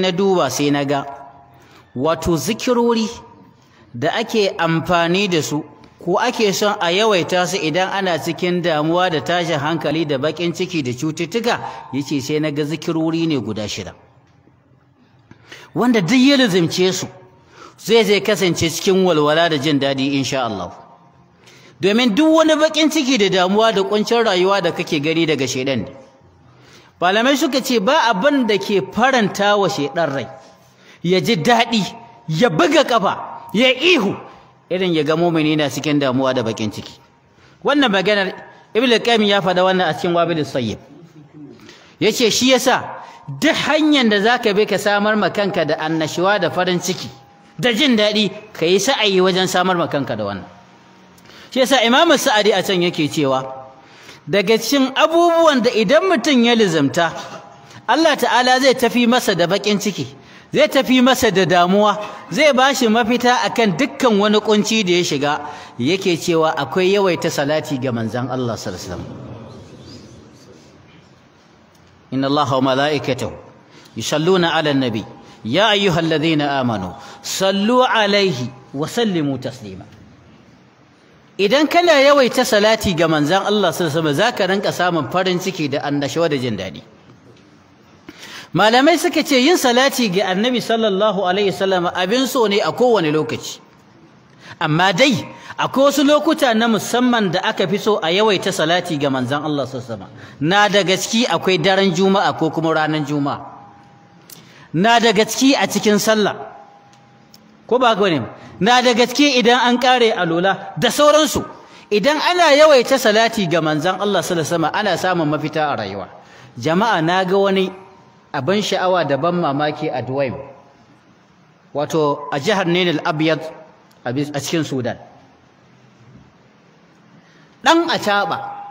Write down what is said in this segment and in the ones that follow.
na duba sai na ga wato zikirori da ake amfani da su ko ake son a yawaita su idan ana cikin damuwa da tashin hankali da bakin ciki da cututtuka yace sai na ga zikirori ne guda shida wanda duk ya lizimce su zai zai kasance cikin walwala da jin daɗi insha Allah domin duk wani bakin ciki da damuwa da kuncin rayuwa da kake gani daga shaidan ne Balamai suka ce ba abin da ke faranta wa shaidan rai ya ji daɗi ya buga ƙafa, ya ihu irin ya ga mumini na cikin damuwa da bakin ciki wannan maganar ibnu qayyim ya faɗa wannan a cikin wabil sayyib yace shi yasa duk hanyar da zaka bi ka samar ma kanka da annashuwa da farin ciki da jin daɗi ka yi sa'ayi wajen samar ma kanka da wannan shi yasa imamu sa'adi a can yake cewa daga cikin abubuwan da idan mutum ya lizamta Allah ta'ala zai tafi masa da bakin ciki zai tafi masa da damuwa zai bashi mafita akan dukkan wani kunci da ya shiga yake cewa akwai yawaita salati ga manzon Allah sallallahu alaihi wasallam inna Allaha wa mala'ikatahu yusalluna 'alan nabi ya ayyuhalladhina amanu sallu 'alaihi wa sallimu taslima idan kana yawaita salati ga manzan Allah sallallahu alaihi zaka ranka samun farin ciki da annashawa da jin daɗi malamai suka ce yin salati ga annabi sallallahu alaihi wasallam abin so ne a kowane lokaci amma dai akwai wasu lokuta na musamman da aka fi so a yawaita salati ga manzan Allah sallallahu alaihi na da gaski akwai daren juma'a ko kuma ranar juma'a na da gaski a cikin sallah ko ba haka ba na da gaske idan an kare alola da sauransu idan ana yawaita salati ga manzon Allah sallallahu alaihi wasallam ana samun mafita a rayuwa jama'a na ga wani abin sha'awa da ban mamaki a Dubai wato a jihar Nainal Abyad a cikin Sudan dan acaba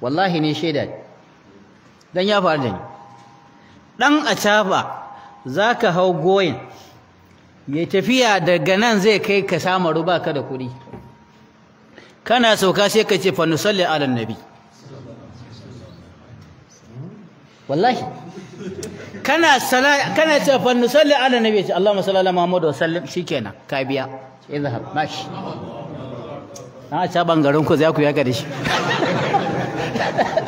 wallahi ne shaida dan ya faru da ni dan acaba zaka hau goyin ya tafiya daga nan zai kai ka samu ruba ka da kuɗi kana sauka sai ka ce fa nusalli ala nabi wallahi kana sala kana ce fa nusalli ala nabi ce Allahumma salli ala Muhammad wa sallam shikenan ka biya izhab mashi na ta bangaren ku za ku yaka da shi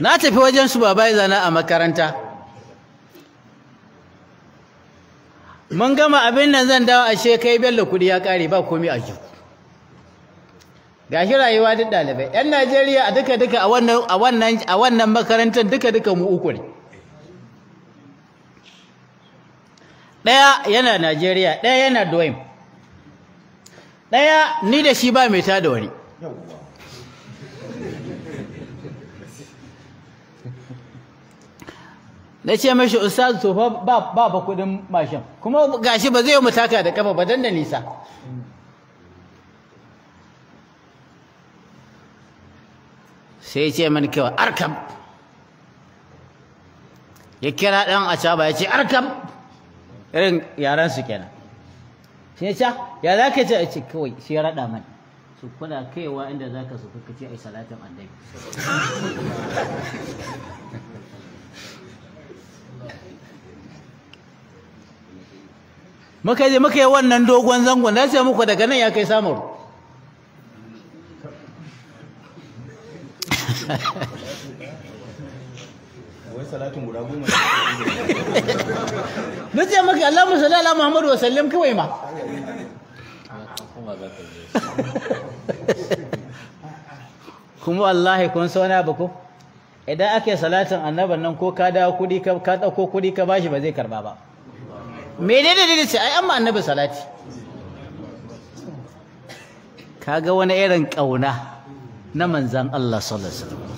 na tafi wajen su babai zana a makaranta mun gama abin nan zan dawo ashe kai bello kudi ya kare ba komai a Ga gashi rayuwa duk dalibai yan Najeriya a duka duka a wannan a wannan a wannan makarantar duka duka mu uku ne Ɗaya yana Najeriya ɗaya yana Doyin. ɗaya ni da shi ba mai ta da wani na ce mashi ustaz to ba ba kudin mashin kuma gashi ba zai yi mutaka da kafa ba dan da nisa sai ce mani kewa arkam ya kira a caba ya ce arkam irin yaran su kenan shi ya ya za ka ce a ce kawai shi ya raɗa mani su kuna kaiwa inda za ka sufi kace yi salatin annabi muka je muka yi wannan dogon zangon na ce muku daga nan ya kai samun akwai salatin guda goma na ce maka Allahumma salli ala Muhammadu wa sallam kawai ma kuma wallahi kun so na bako idan ake salatin annaban nan ko ka dawo kudi ka ka dauko kudi ka bashi ba zai karba ba menene ne ce ai amma annabi salati kaga wani irin kauna na manzan Allah sallallahu alaihi wasallam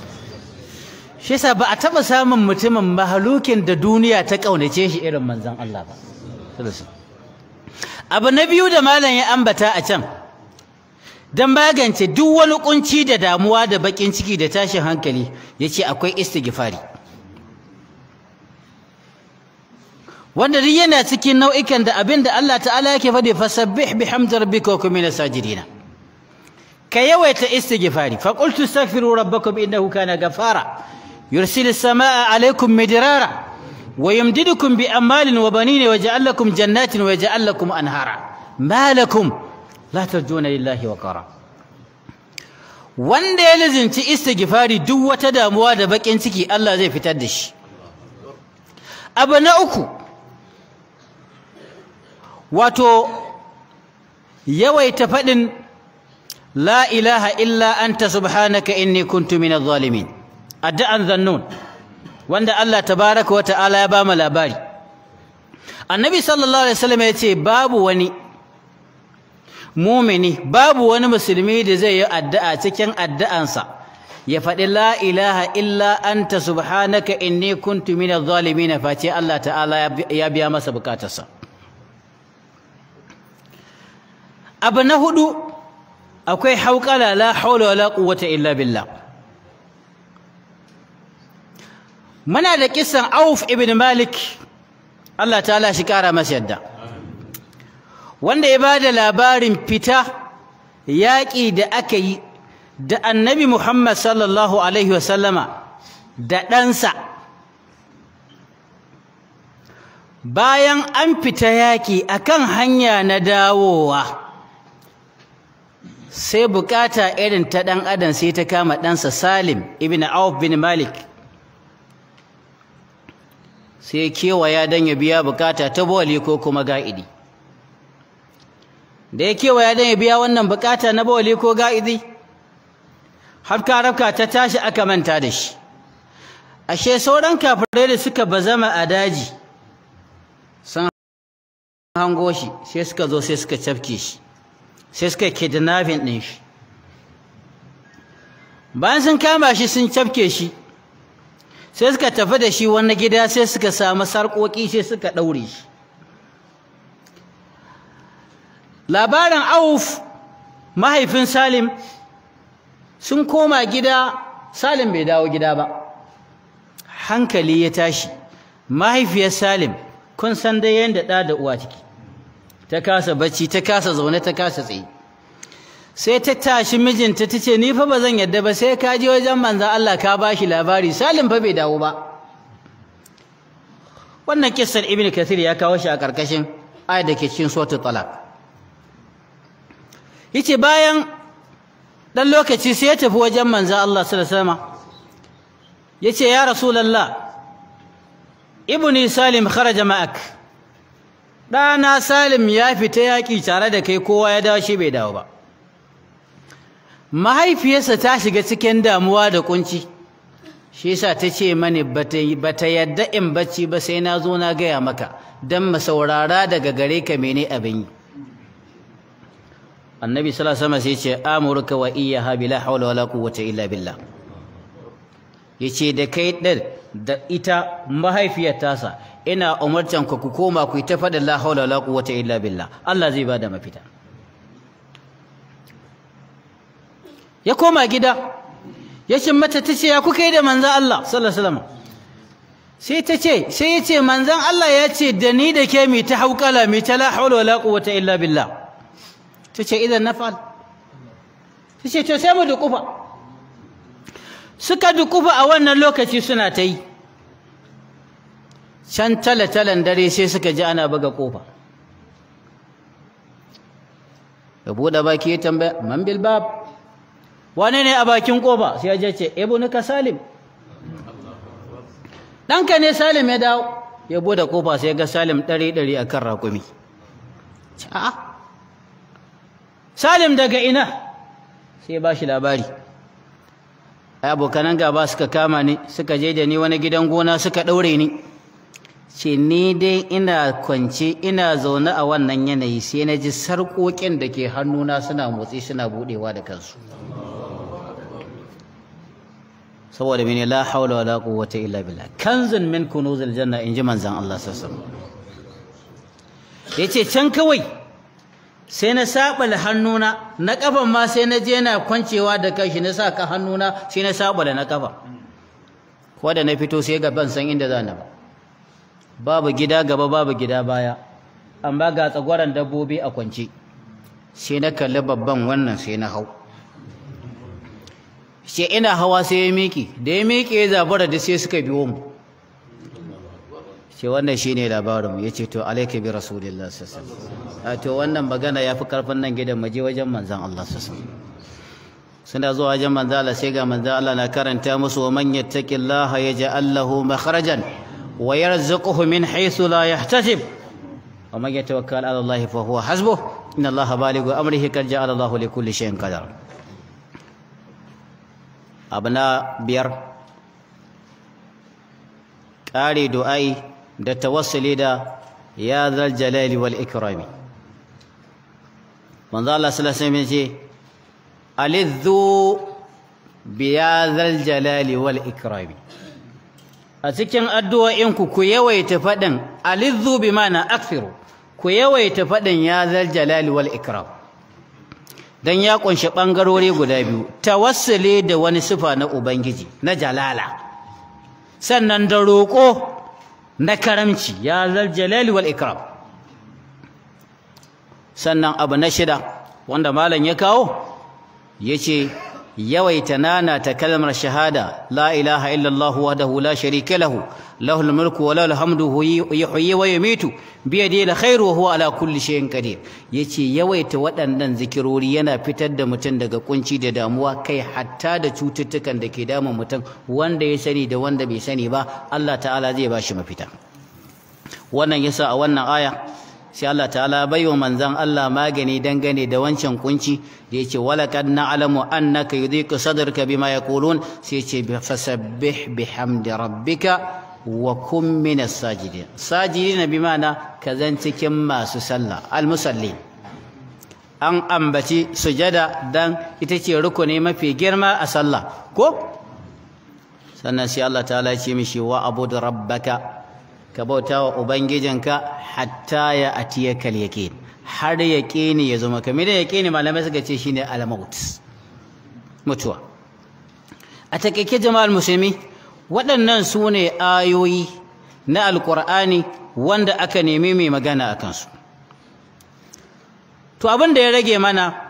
shi yasa ba a taba samun mutumin mahalukin da duniya ta ƙaunace shi irin manzon Allah ba abu na biyu da malam ya ambata a can don magance duk wani kunci da damuwa da bakin ciki da tashin hankali ya ce akwai istighfari wanda duk yana cikin nau'ikan da abin da Allah ta'ala yake fadi fasabbih bihamdi rabbika wa kumina sajidina ka yawaita istighfari fa qultu astaghfiru rabbakum innahu kana gafara يرسل السماء عليكم مدرارا ويمددكم بأموال وبنين ويجعل لكم جنات ويجعل لكم أنهارا ما لكم لا ترجون لله وقارا wanda ya lizinci istighfari duk wata damuwa da bakin ciki Allah zai fitar da shi abu na uku wato yawaita faɗin la ilaha illa anta subhanaka inni kuntu minadh addu'an zannun wanda Allah tabaraka wa ta'ala ya ba mu labari annabi sallallahu alaihi wasallam ya ce babu wani mumini babu wani musulmi da zai yi addu'a cikin addu'ansa ya faɗi la ilaha illa anta subhanaka inni kuntu minadh zalimin face Allah ta'ala ya biya masa bukatarsa abu na hudu akwai hauƙala la haula wala quwwata illa billah muna da kisan Auf ibn Malik Allah ta'ala shi kara masa yadda wanda ya bada labarin fita yaƙi da aka yi da annabi Muhammad sallallahu alaihi wasallama da ɗansa bayan an fita yaƙi akan hanya na dawowa sai bukata irin ta ɗan adam sai ta kama ɗansa Salim ibn Auf bin Malik sai kewaya don ya biya bukata ta bawali ko kuma ga'idi da ya kewaya don ya biya wannan bukata na bawali ko ga'idi hafka rafka ta tashi aka manta da shi ashe sauran kafirai da suka bazama a daji sun hango shi sai suka zo sai suka cafke shi sai suka kidnapping din shi bayan sun kama shi sun cafke shi sai suka tafi da shi wani gida sai suka samu sarƙoƙi sai suka ɗaure shi labarin auf mahaifin salim sun koma gida salim bai dawo gida ba hankali ya tashi mahaifiyar salim kun san dai yadda ɗa da uwa ciki ta kasa bacci ta kasa zaune ta kasa tsaye sai ta tashi mijinta ta ce ni fa ba zan yadda ba sai ka je wajen manzan Allah ka ba shi labari salim fa bai dawo ba wannan kissar ibn kathir ya kawo shi a karkashin ayat da ke cikin suratul talaq yace bayan dan lokaci sai ya tafi wajen manzan Allah sallallahu alaihi wasallam yace ya rasulullah ibni salim kharaja ma'ak ɗana salim ya fita yaƙi tare da kai kowa ya dawo shi bai dawo ba mahaifiyarsa ta shiga cikin damuwa da kunci shi yasa ta ce mani ba ta yadda in bacci ba sai na zo na gaya maka don masaurara saurara daga gare ka mene abin yi annabi salasama sai ce amurka wa iyyaha bila hawla wala quwwata illa billah ce da kai din da ita mahaifiyar tasa ina umarcan ku ku koma ku ta faɗin la hawla wala quwwata illa billah Allah zai ba da mafita ya koma gida ya shin mata ta ce ya kuka yi da manzan Allah sallallahu alaihi sai ta ce sai ya ce manzan Allah ya ce da ni da ke mi ta haukala mi ta la haula wala quwwata illa billah ta ce idan nafal ta ce to sai mu dukufa suka dukufa a wannan lokaci suna ta yi can talatalan dare sai suka ji ana buga kofa ya buɗe baki ya tambaya man bilbab wane ne a bakin kofa sai ya ce ibnuka salim ɗanka ne salim ya dawo ya bude kofa sai ya ga salim ɗari ɗari a kan rakumi a'a salim daga ina sai ba shi labari ai abokanan gaba suka kama ni suka je da ni wani gidan gona suka ɗaure ni ce ni dai ina kwance ina zaune a wannan yanayi sai na ji sarƙoƙin da ke hannuna suna motsi suna buɗewa da kansu saboda mene la haula wala quwwata illa billah kanzun min kunuzil janna inji manzan Allah sallallahu alaihi yace can kawai sai na sabal hannuna na kafan ma sai na je na kwancewa da kashi na sa ka hannuna sai na sabala na kafa ko da na fito sai ga ban san inda zan ba babu gida gaba babu gida baya amma ga tsagwaran dabbobi a kwance sai na kalli babban wannan sai na hau ce ina hawa sai ya miƙe da ya miƙe ya zabara da sai suka biyo mu ce wannan shine labarin mu yace to alayka bi rasulillah sallallahu alaihi wasallam to wannan magana yafi karfin nan gidan maje wajen manzon Allah sallallahu alaihi suna zuwa wajen manzon Allah sai ga manzon Allah na karanta musu wa man yattaqillaha yaj'al lahu makhrajan wa yarzuquhu min haythu la yahtasib wa man yatawakkal ala Allah fa huwa hasbuh inna Allah balighu amrihi qad ja'ala allahu li kulli shay'in qadara abu na biyar ƙare du'ai da tawassuli da ya zal jalali wal ikrami manzo Allah sallallahu alaihi wasallam ce alizzu bi ya zal jalali wal ikrami a cikin addu'o'inku ku yawaita faɗin alizzu bi mana akthiru ku yawaita faɗin ya zal jalali wal ikram dan ya kunshi bangarori guda biyu ta tawassuli da wani sifa na ubangiji na jalala sannan da roƙo na karamci ya zal jalali wal ikram sannan abu na shida wanda malam ya kawo ya ce. yawaita nana ta kalmar shahada la ilaha illallah wahdahu la sharika lahu lahul mulku wa lahul hamdu yuhyi wa yumitu bi yadihi alkhairu wa huwa ala kulli shay'in qadir yace yawaita waɗannan zikirori yana fitar da mutum daga kunci da damuwa kai hatta da cututtukan da ke damun mutum wanda ya sani da wanda bai sani ba Allah ta'ala zai bashi mafita wannan yasa a wannan aya sai Allah ta'ala bai wa manzon Allah magani dangane da wancan kunci da yace walaqad na'lamu annaka yudhiqu sadrka bima yaqulun sai yace fasabbih bihamdi rabbika wa kun minas sajidin sajidin bi ma'ana kazan cikin masu sallah almusalli an ambaci sujada dan ita ce rukuni mafi girma a sallah ko sannan sai Allah ta'ala ya ce mishi wa abud rabbaka ka bauta wa ubangijinka hatta ya atiya kal yaqin har yaqini ya zama maka me da yaqini malamai suka ce shine al-maut mutuwa a ke jama'al musulmi waɗannan sune ayoyi na alkur'ani wanda aka nemi mai magana a kansu to abin da ya rage mana